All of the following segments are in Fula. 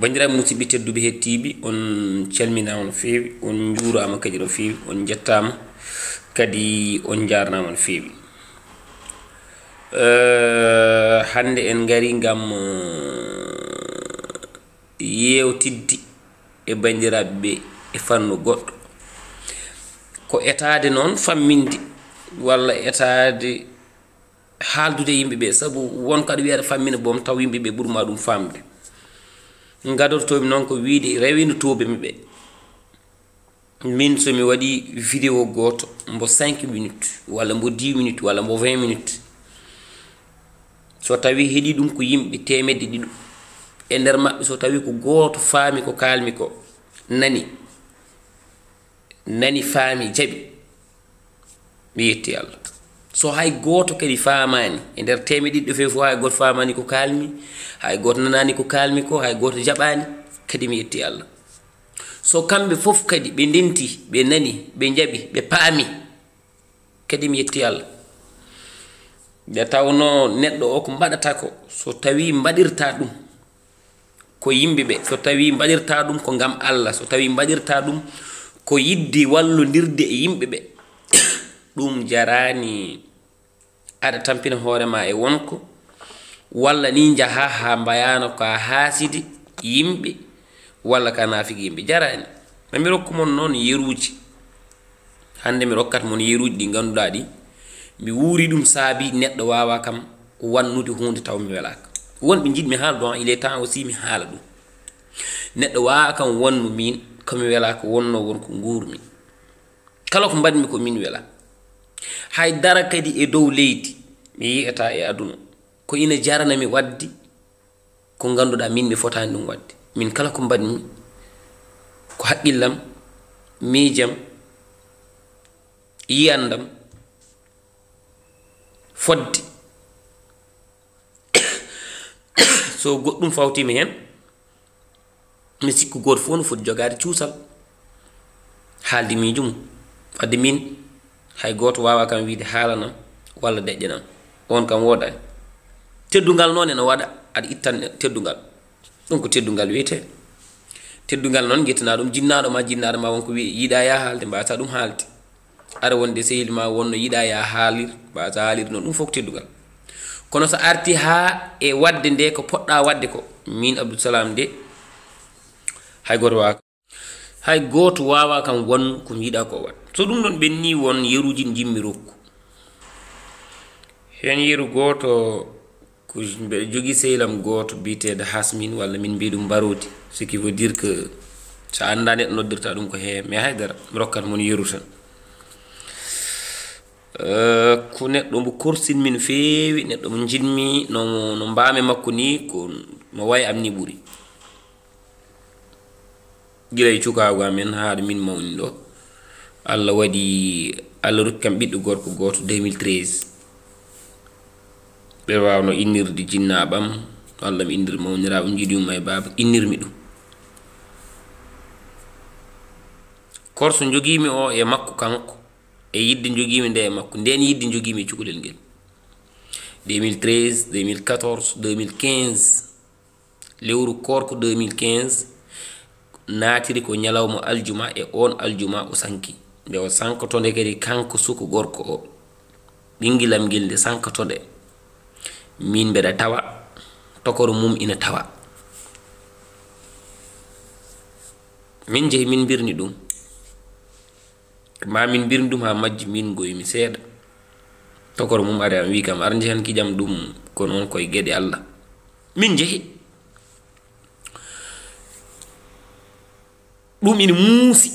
banndiraaɓe musidɓe tedduɓe hettiiɓe on calminaama no feewi on njuuraama kadi no feewi on njettaama kadi on njaarnaama no feewi hannde en ngari ngam yeewtiddi e banndiraaɓe ɓe e fannu goɗɗo ko etaade noon famminde walla etaade haaldude yimɓe ɓee sabu wonko aɗa wiyata fammina boom taw yimɓe ɓee ɓurmaa ɗum faamde gadortomi noon ko wiide rewino tuubemi ɓe min somi waɗi vidéo goto mbo 5 minutes walla mbo 10 minutes walla mbo 20 minutes so tawi heeɗi ɗum ko yimɓe temedde ɗiɗo e nder maɓɓe so tawi ko goto faami ko kalmi ko nani nani faami jaaɓi mi yetti allah so hay gooto kadi faamaani e ndeer teeme ɗiɗɗo fe fof hay gooto faamaani ko kaalmi hay gooto nanaani ko kaalmi ko hay gooto jaɓaani kadi mi yettii allah so kamɓe fof kadi ɓe ndenti ɓe nani ɓe njaɓi ɓe paami kadi mi yetti allah nde tawno neɗɗo o ko mbaɗata ko so tawii mbaɗirta ɗum ko yimɓe ɓee so tawii mbaɗirta ɗum ko ngam allah so tawii mbaɗirta ɗum ko yiddi wallondirde e yimɓe ɓee ɗum jaraani aɗa tampina hoorema e wonko walla ni jaha ha mbayano ko a haasidi yimɓe walla ka nafiki yimɓe jarani mami rokkumon noon yeruji hande mi rokkata mon yeruji ɗi ganduɗa ɗi mi wuuri ɗum saabi neɗɗo wawa kam wannude hunde taw mi welaka wonɓe jiɗmi haala don il est temps aussi mi haala ɗum neɗɗo wawa kam wannu min komi welaka wonno wonko gurmi kala ko mbaɗmi ko min welaka haydara kadi e dow leydi mi yiyata e aduna ko ina jaranami wadde ko ganduɗa min mi fotani ɗum wadde min kala ko mbaɗmi ko haqqillam miijam yiyandam fodde so goɗɗum fawtima hen mi sikku goto fof no foti jogade cuusal haalde miijo mum wadde min hay goto wawa kam wiide haalana walla deƴƴenan on kam wooda teddungal noon ene waɗa aɗa ittan teddungal ɗum ko teddungal wiyete teddungal noon guettana ɗum jinnaɗo ma jinnaɗo ma wonko wi yiiɗa ya haalde mbasa ɗum haalde ara wonde sehil ma wonno yiiɗa ya haalir mbasa haalir noon ɗum fof ko teddungal kono so arti ha e wadde nde ko poɗɗa wadde ko min abdoulsalam de hay goto wa hay gooto waawa kam won ko yiɗa ko wat so ɗum ɗon ɓenni won yeruji ɗi jimmi rokku heen yeru gooto ko mbeɗa jogii sehlam gooto biyeteeɗo hasmin walla min mbiya ɗum mbarodi ce qui veut dire que so annda neɗɗo noddirta ɗum ko heewe mais haydara mi rokkat mon yeru tan euh, ko neɗɗo mo korsin min feewi neɗɗo mo jinmi nono mbaame makko ni ko mo wayi am ni ɓuri gila e cukaago amen haade min mawni ɗo allah waɗi allah rokki kam ɓiɗɗo gorko gooto 2013 ɓe wawno innirde jinnaɓam allah mi innir mawnira on jiɗiuma e baaba innirmi ɗum korso jogimi o e makko kanko e yidde jogimi nde e makko nden yidde jogimi e cukalel ngel 2013 2014 2015 lewru korko 2015 naatiri ko ñalawma aljuma e on aljuma o sanki nde o sankotonde kadi kanko suku gorko o ɓingilam ngel nde sankotonde min mbeɗa tawa tokoro mum ina tawa min jehi min mbirni ɗum ma min mbirni ɗum ha majji min goyimi seeɗa tokoro mum ari am wi kam ara jehan kijam ɗum ko noon koye geɗe allah min jehi ɗum ina muusi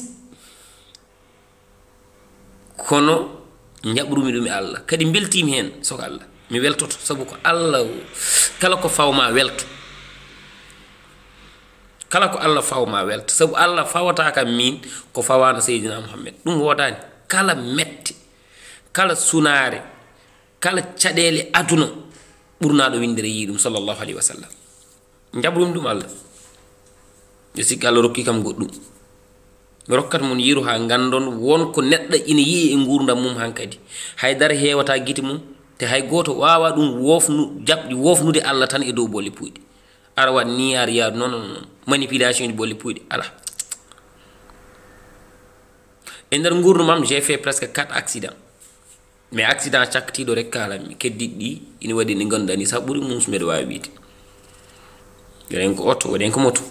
kono jaɓrumi ɗum e allah kadi beltimi hen soko allah mi weltoto sabu ko allah kala ko fawma welto kala ko allah fawma welto sabu allah fawata kam min ko fawano seydina muhammed ɗum wodani kala mette kala sunare kala caɗele aduna ɓurna ɗo windere yi ɗum sallallahu alayhi wa sallam jaɓrumi ɗum allah yo sikki allah rokki kam goɗɗum mi rokkata mon yiru haa ganndon wonko neɗɗo ina yiyi e nguurdam mum han kadi haydara heewata gite mum te hay gooto waawa ɗum woofnu jaɓɗi woofnude allah tan e dow bolle puyɗe ara wat ni ar yaadu noon noon manipulation ji bolle puyɗe ala e ndeer nguurdu mam j'ai fait presque quatre accident mais accident cakkatiiɗo rek kalanmi keddiɗ ɗi ina waɗi ɗi ngannduɗa ni sa ɓuri musmeɗe waawi wiide waɗen ko oto waɗen ko moto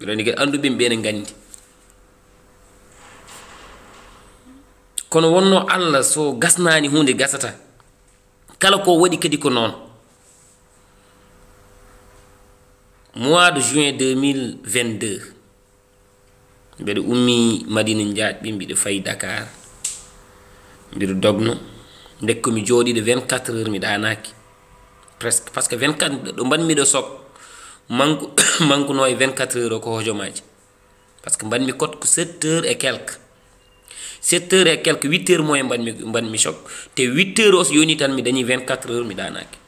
waɗen ndi geɗe anndu ɓimɓe ne nganndi kono wonno allah so gasnani hunde gasata kala ko waɗi kadi ko noon mois de juin 2022 mbiɗa ummi madina jaɓɓi mbiɗa fayi dakar mbiɗa dogno ndekkomi jooɗiɗo 24 heures mi ɗanaki presque par ce que 24 ɗo mbanmiɗo sok manku manquno e 24 heures o ko hojomaji par ce que mbanmi cote ko 7 heures et quelque 7 heure e quelque 8 heure moye mbanmi mbanmi choc te 8 heure os yoni tan mi dañi 24 heure mi danaki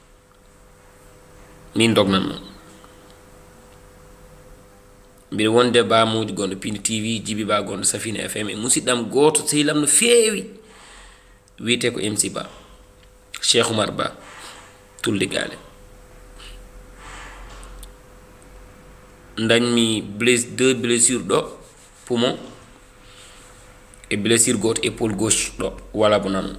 min dognan non mbiɗa wonde bamuji gonɗo pindi tv jibi ba gonɗo safina fm e musidɗam goto sehilam no fewi wiyete ko mc ba cheikh oumar ba tulli gale dañmi bles deux blessure ɗo poumon e blessure goto épaule gauche ɗo wala bo nan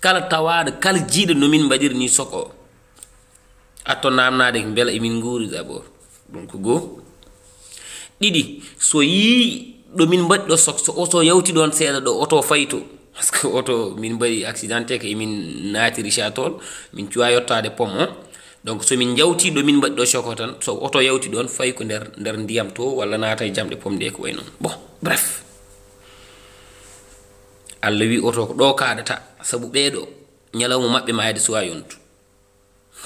kala tawaɗo kala jiiɗo nomin badir ni soko o atto namnade beela emin guuri d'abord donc goo ɗiɗi so yi ɗo min mbaɗi ɗo sok so auto yawti ɗon seeɗa ɗo oto fayto parce que oto min mbaɗi accidenté ko emin naati richard toon min cuwa yottade pom o donc so min jawti ɗo min mbaɗi ɗo choko tan so oto yawti ɗon fayi ko nder nder ndiyam to walla naata e jamɗe pomɗe ko way noon bon bref allah wi oto ko ɗo kaɗata sabu ɓeeɗo ñalawma maɓɓe maayde suwa yontu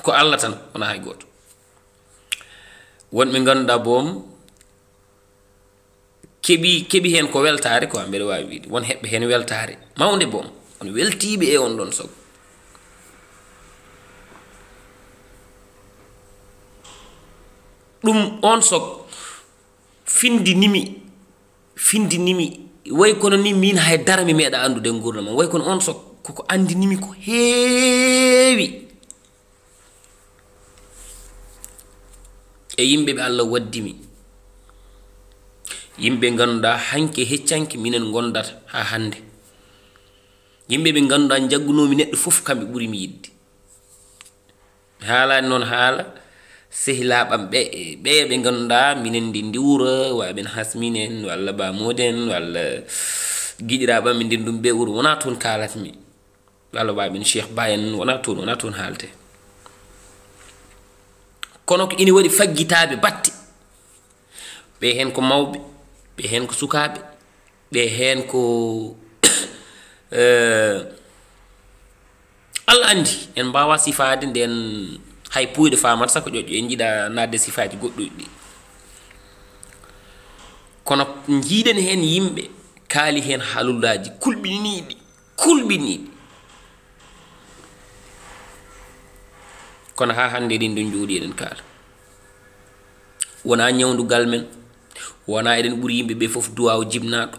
ko allah tan wona hay gooto wonɓe ngannduɗa boom keɓi keɓi heen ko weltaare quoi mbeɗa waawi wiide won heɓɓe heen weltaare mawnde boom on weltiiɓe e on ɗon sogo ɗum on sok findinimi findinimi way kono ni min hay darami meeɗa andude gurna ma way kono on sok koko andinimi ko heewi e yimɓe ɓe allah waddimi yimɓe ganduɗa hanke heccanke minen gondata ha hande yimɓe ɓe ganduɗa jaggunomi neɗɗo fof kamɓe ɓuurimi yidde haalani noon haala sehilaɓam ɓe ɓe ɓe ganduɗa minen ndi ndiwuro waɓen hasminen walla bamoden walla giɗiraɓam ɓe ndin ɗum ɓe wuro wona toon kalatmi walla waɓen cheikh ba en wona toon wona toon haalte kono ko ina waɗi faggitaɓe batte ɓe hen ko mawɓe ɓe hen ko sukaɓe ɓe hen ko allah eh, andi en mbawa sifade nden hay puyɗo famata sa ko ƴoƴƴo en jiiɗa nadde sifaji goɗɗuɗi kono jiiɗen hen yimɓe kaali hen haalullaji kulɓiniɗi kulɓiniɗi kono ha hande ɗin ɗo jooɗi eɗen kaala wona ñawdugal men wona eɗen ɓuuri yimɓeɓe foof duwawo jibnaɗo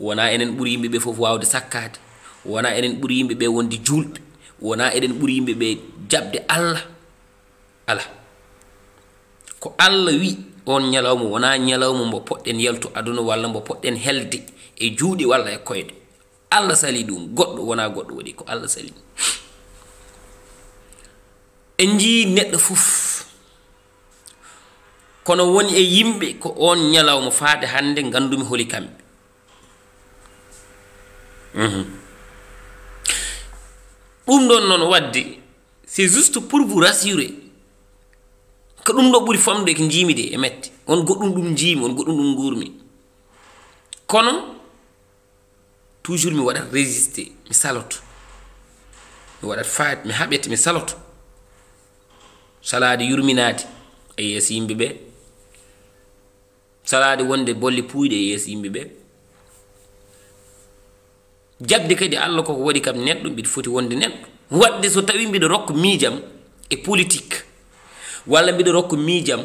wona enen ɓuuri yimɓeɓe foof wawde sakkade wona enen ɓuuri yimɓeɓe wonde julɓe wona eɗen ɓuuri yimɓeɓe jaɓde allah ala ko allah wi on ñalawma wona ñalawma mbo poɗɗen yaltu aduna walla mbo poɗɗen helde e juuɗe walla e koyɗe allah sali ɗum goɗɗo wona goɗɗo waɗi ko allah sali ɗum en jii neɗɗo fof kono woni e yimɓe ko on ñalawma faade hannde ngandumi holi kamɓe mhm. ɗum ɗon noon wadde c'est juste pour vous rassurer ko ɗum ɗo ɓuri famde ko jiimi de e mette won goɗɗum ɗum jiimi won goɗɗum ɗum gurmi kono toujours mi waɗat résisté mi saloto mi waɗat faat mi haɓete mi saloto salade yurminaade e yeeso yimɓe ɓee salade wonde bolle puyɗe e yeeso yimɓe ɓee jaɓde kadi allah koko waɗi kam neɗɗo mbiɗa foti wonde neɗɗo waɗde so tawi mbiɗa rokka miijam e politique walla mbiɗa rokka miijam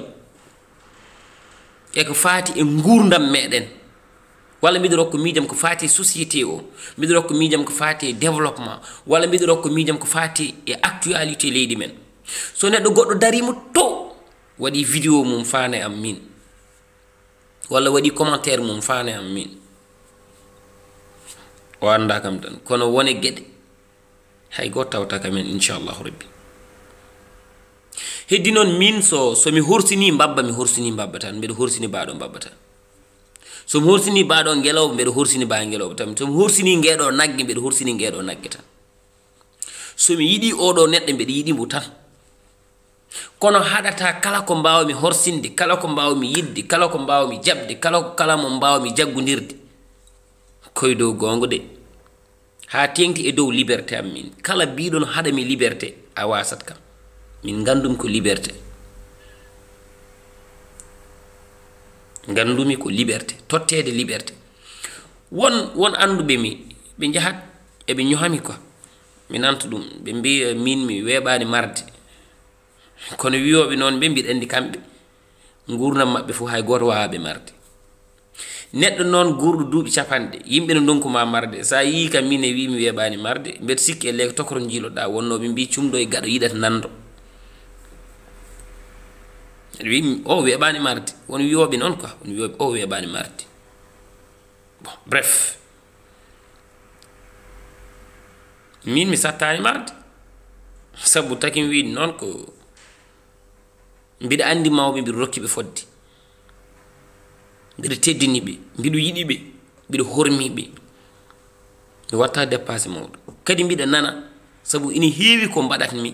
eko faati e ngurdam meɗen walla mbiɗa rokka miijam ko faati e société o mbiɗa rokka miijam ko faati e développement walla mbiɗa rokka miijam ko faati e actualité leydi men so neɗɗo goɗɗo darimo to waɗi vidéo mum faane am min walla waɗi commentaire mum faane am min o anda kam tan kono wone geɗe hay goto tawta kamen inchallahu rabbi heddi noon min so somi hursini babba mi hursini babba tan mbiɗa hursini baɗo babba tan somi hursini baɗo ngelowo mbiɗa hursini ba ngelowo tan somi hursini ngeɗo nagge mbiɗa hursini ngeɗo nagge tan somi yiɗi oɗo neɗɗo mbiɗa yiɗimo tan kono haɗata kala ko mbawmi horsinde kala ko mbawmi yidde kala ko mbawmi jaɓde kala kala mo mbawmi jaggudirde koye dow gongo de ha tengti e dow liberté am min kala biɗon haɗami liberté a wasat kam min ngandumi ko liberté ngandumi ko liberté tottede liberté won won anduɓe mi ɓe jahat eɓe ñohami quoi mi nanta ɗum ɓe mbi eh, min mi weɓani marde kono wiyoɓe noon ɓe mbiɗa andi kamɓe gurdam maɓɓe fof hay goto wawaɓe marde neɗɗo noon gurɗo duuɓi capanɗe yimɓe no ndonkuma marde sa yi kam min e wi mi weɓani marde mbeɗa sikki e leeko tokoro jiiloɗa wonno ɓe mbi cumɗo e gaɗo yiɗata nando ene wi o weeɓani marde won wiyoɓe noon quoi won wiyoɓe o bani marti bon bref min mi sattani marde sabu taki mi wiide noon ko mbiɗa andi mawɓe mbiɗa rokkiɓe fodde mbiɗa teddiniɓe mbiɗa yiɗiɓe mbiɗa hormiɓe mi watta dépassé mawɗo kadi mbiɗa nana sabu ina heewi ko mbaɗatmi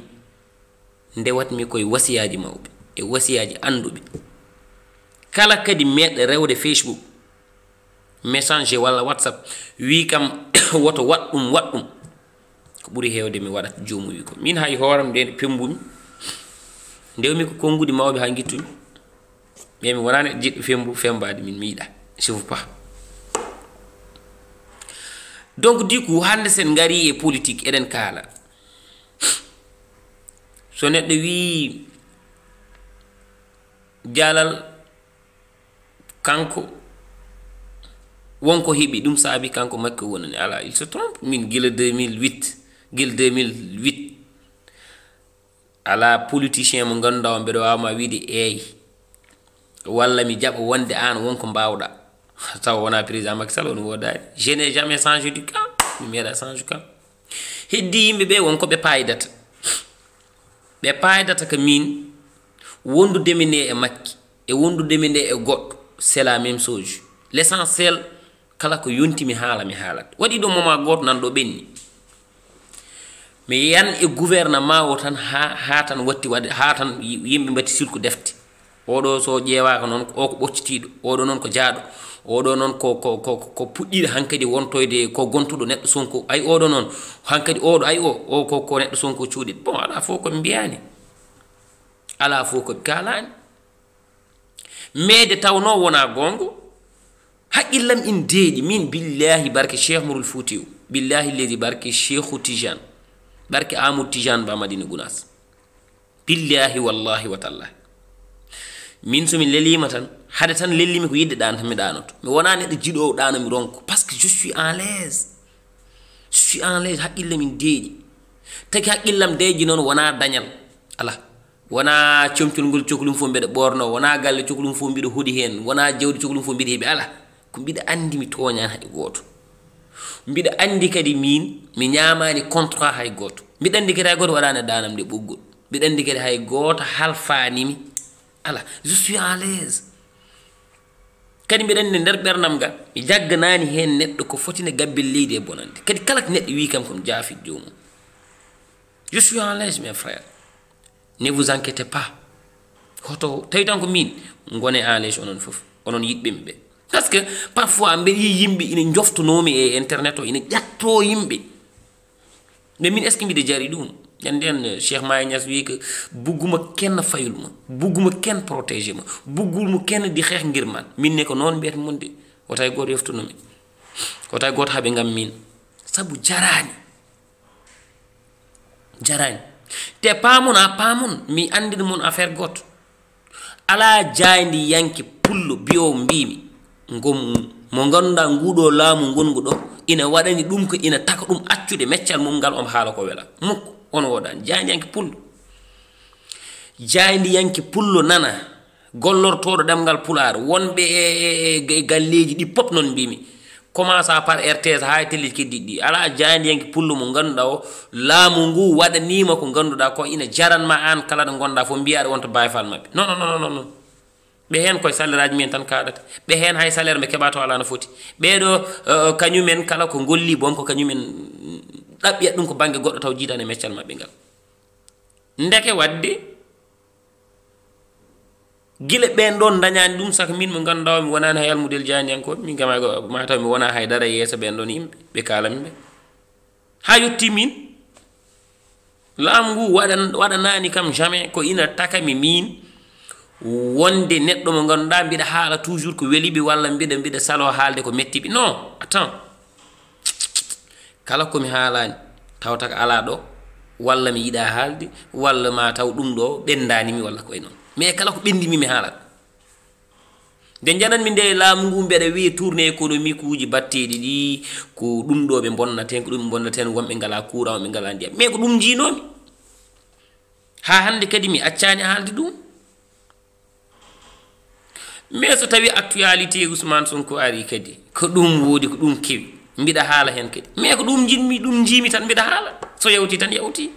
ndewatmi koye wasiyaji mawɓe e wasiyaji anduɓe kala kadi meɗe rewde facebook messanger walla whatsapp wi kam woto waɗɗum waɗɗum ko ɓuri hewde mi waɗat jomum wi ko min hay hooram nde pembumi ndewmi ko konngudi mawɓe ha gittumi mais mi wonani jiɗɗo fembu fembade min miyiɗa si vous pas donc du coup hande sen gari e politique eɗen kaala so neɗɗo wii jaalal kanko wonko heɓi ɗum saabi kanko makko wonani ala il se trompe min gila 2008 gila 2008 ala politicien mo ganduɗa o mbeɗa wawma wiide eyi walla mi jaɓa wonde an wonko mbawɗa taw wona président makky sall woni wodani je n'ai jamais changé du camp mi meeɗa change camp heddi yimɓeɓe wonko ɓe payidata ɓe payidata ko min wondudemi nde e makki e wondudemi nde e goɗɗo c'est la même chose l' essentiel kala ko yontimi haala mi haalata waɗi ɗo moma goto nan ɗo ɓenni mi yan e gouvernement o tan ha ha tan watti wadde ha tan yimɓe mbatti sirku defte oɗo so ƴeewaka noon o ko ɓoccitiɗo oɗo noon ko jaaɗo oɗo noon ko ko ko ko puɗɗiɗo hankkadi wontoyde ko gontuɗo neɗɗo sonko ay oɗo noon hankkadi oɗo ay o o ko ko neɗɗo sonko cuuɗi bon ala fof komi mbiyani ala fo ko galani meede tawno wona gongo haqqillam in deeƴi min billahi barke cheikh mourul fouti o billahi leydi barke cheikhu tijane barke amadou tijane ba madina gounas billahi wallahi wa tallahi min somin lelima tan hade tan lellimi ko yidde ɗan tan mi ɗanoto mi wona neɗɗo jiɗowo ɗano mi ronko par ce que je suis en laise je suis en laise haqqillam in deeƴi taki haqqillam deeƴi noon wona dañal ala wona comcolngol cohlum fof mbeɗa ɓorno wona galle cohlum fof mbiɗa hoɗi hen wona jawdi cohlum fof mbiɗa heeɓi ala ko mbiɗa andi mi toñani hay goto mbiɗa andi kadi min mi ñamani contrat hay goto mbiɗa andi kadi hay goto waɗani danam nde ɓoggol mbiɗa andi kadi hay goto halfanimi ala je suis en l'aise kadi mbiɗa andi nder ɓernam ga mi jagganani hen neɗɗo ko fotine gabbel leydi e bonande kadi kala ko neɗɗo wi kam komi jaafi jomum je suis en l'aise mes frère ne vous inquiétez pas hoto taytan ko min ngone en leyge onon fof onon yiɗɓeɓe ɓe parce que parfois mbeɗi yimɓe ina joftonomi e internet o ina ƴatto yimɓe mais min est ce que de jari dum nden eh, cheikh mayñas wi que buguma kenn fayul ma bugguma kenn protégé ma mu kenn di xex ngir man min ne ko noon mbiyata mon de wotay goto yoftunomi wotay goto haaɓe ngam min sabu jarani jarani te paamun a paamun mi anndir mun affaire gooto alaa jaayndi yanki pullo biyo mbimi ngom mo ngannduɗa nguuɗo laamu ngongu ɗo ina waɗani ɗum ko ina taka ɗum accude meccal mum ngal om haala ko wela muk on woodani jaayndi yanki pullo jaayndi yanki pullo nana gollortoɗo ɗemngal pulaar wonɓe e, e, e, e galleji ɗi pop noon mbimi commence à par rts ha telli keddiɗ ɗi ala jandiyanke pullu mo ganduɗa o laamu ngu waɗanima ko ganduɗa ko ina jaranma an kala ɗo gonɗa fo mbiya aɗa wonta bayfal mabɓe non non non non ɓe hen koye salaire aji min tan kaɗata ɓe hen hay salaire mɓe keɓato ala no foti ɓeɗo uh, kañumen kala ko golli bon ko kañumen ɗaɓɓiyat ɗum ko banggue goɗɗo taw jiidan e meccal mabɓe ngal ndeke wadde gila ɓen ɗon dañani ɗum saka min mo ganduɗa mi wonani hay almudel jañiyankoɓe min kam mataw mi wona haydara e yeesa ɓen ɗon yimɓe ɓe kalamiɓe ha yetti min laamu ngu waɗan waɗanani kam jamais ko ina takami min wonde neɗɗo mo ganduɗa mbiɗa haala toujours ko weliɓe walla mbiɗa mbiɗa salo haalde ko mettiɓe non attend kala komi haalani tawta ko ala ɗo walla mi yiɗa haalde walla mataw ɗum ɗo ɓendanimi walla koye noon mais kala ko ɓendimi mi haalat nde janatmi nde laamu ngu mbeɗa wiye tourné économique uji batteɗi ɗi ko ɗum ɗo ɓe bonnaten ko ɗum ɓe bonnaten wonɓe ngala courant wonɓe ngala ndiyam mais ko ɗum jinomi ha hande kadi mi accani haalde ɗum mais so tawi actualité ousmane sonko ari kadi ko ɗum woodi ko ɗum kewi mbiɗa haala hen kadi mais ko ɗum jinmi ɗum jimi tan mbiɗa haala so yawti tan yawti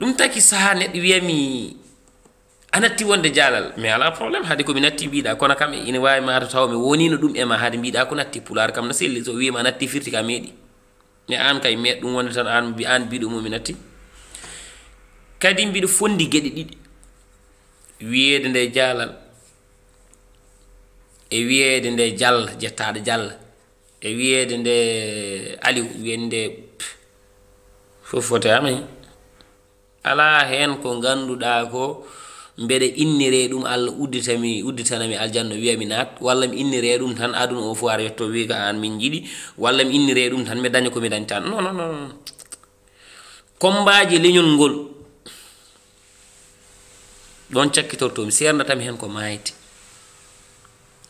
ɗum taki saha neɗɗo wiyami a natti wonde jaalal mais ala probléme haade komi natti mbiɗa kono kam ina wawi mata taw mi wonino ɗum ema haade mbiɗa ko natti pulaar kam no selli so wima natti firti ka meeɗi mi an kay meɗ ɗum wonde tan anmi an mbiɗomumi natti kadi mbiɗo fondi gueɗe ɗiɗi wiyede nde jaalal e wiyede nde jalla jettaɗo jalla e wiyede nde aliw wiyede nde fof fotamahe ala hen ko ganduɗa ko mbeɗe innire ɗum allah udditami udditanami aljanna wiyami naat walla mi innire ɗum tan aduna o fof ara yetto wiika an min jiɗi walla mi innire ɗum tan mi daña komi dañtan non non non combaji leñol ngol ɗon cakkitortomi serdatami hen ko mayite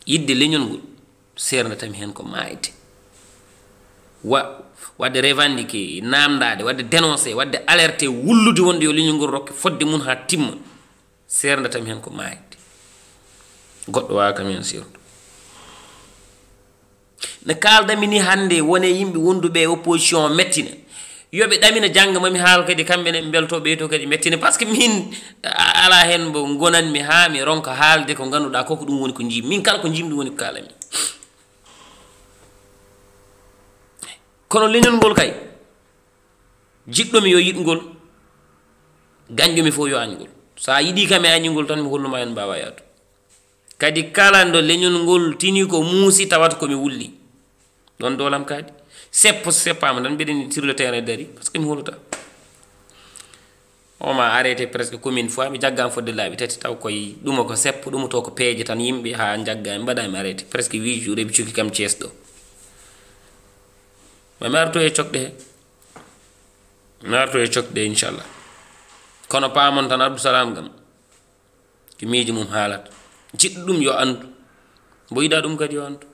yidde leñol ngol serdatami hen ko mayite wa wadde revendiqué namdade wadde dénoncé wadde alerté wullude wonde yo leñol ngol rokke fodde mum ha timma serda tami hen ko mayde goɗɗo wawa kam hen serdu ne kaldami ni hande wone yimɓe wonduɓe opposition mettina yoɓe ɗamina janga mami haal kadi kamɓe ne belto ɓeyto kadi mettina par ce que min ala hen mo gonanmi ha mi ronka haalde ko ganduɗa koko ɗum woni ko jimi min kala ko jimɗum woni ko kalami kono leñol ngol kay jiɗɗomi yo yiɗgol gañƴomi fof yo añgol so a yiɗi kam e añgol tan mi holnuma hen mbawa yaatu kadi kala ndo leñol ngol tini ko muusi tawata komi wulli ɗon dolam kadi seppo seppama tan mbiɗeni sur le terrain dari par ce que mi holuta oma arrêté presque commune fois mi jaggama fodde laaɓi tati taw koye ɗuma ko seppo ɗumoto ko peeje tan yimɓe ha jaggami mbaɗami arrêté presque 8 jours eɓi cukki kam ceesɗo mami arto e cokɗe he mi arto e cokɗe inchallah kono paamon tan abdusalam gam ko miiji mum haalata jiɗɗo ɗum yo andu mbo yiɗa ɗum kadi yo andu